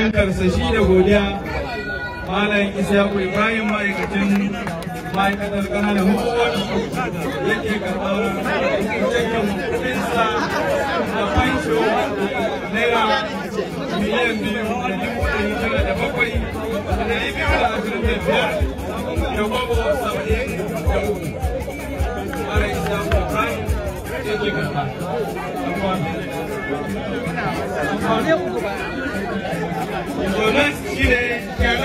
cikin karsashi da godiya malam isyaku ibrahim ma'aikacin ma'aikatar ƙananan hukumomi yake karɓar cikin kuɗinsa na fansho naira miliyan biyu da da bakwai da ɗari biyu da ashirin da biyar da saba'in da malam ibrahim yake karɓa. Thank you. Yine gel.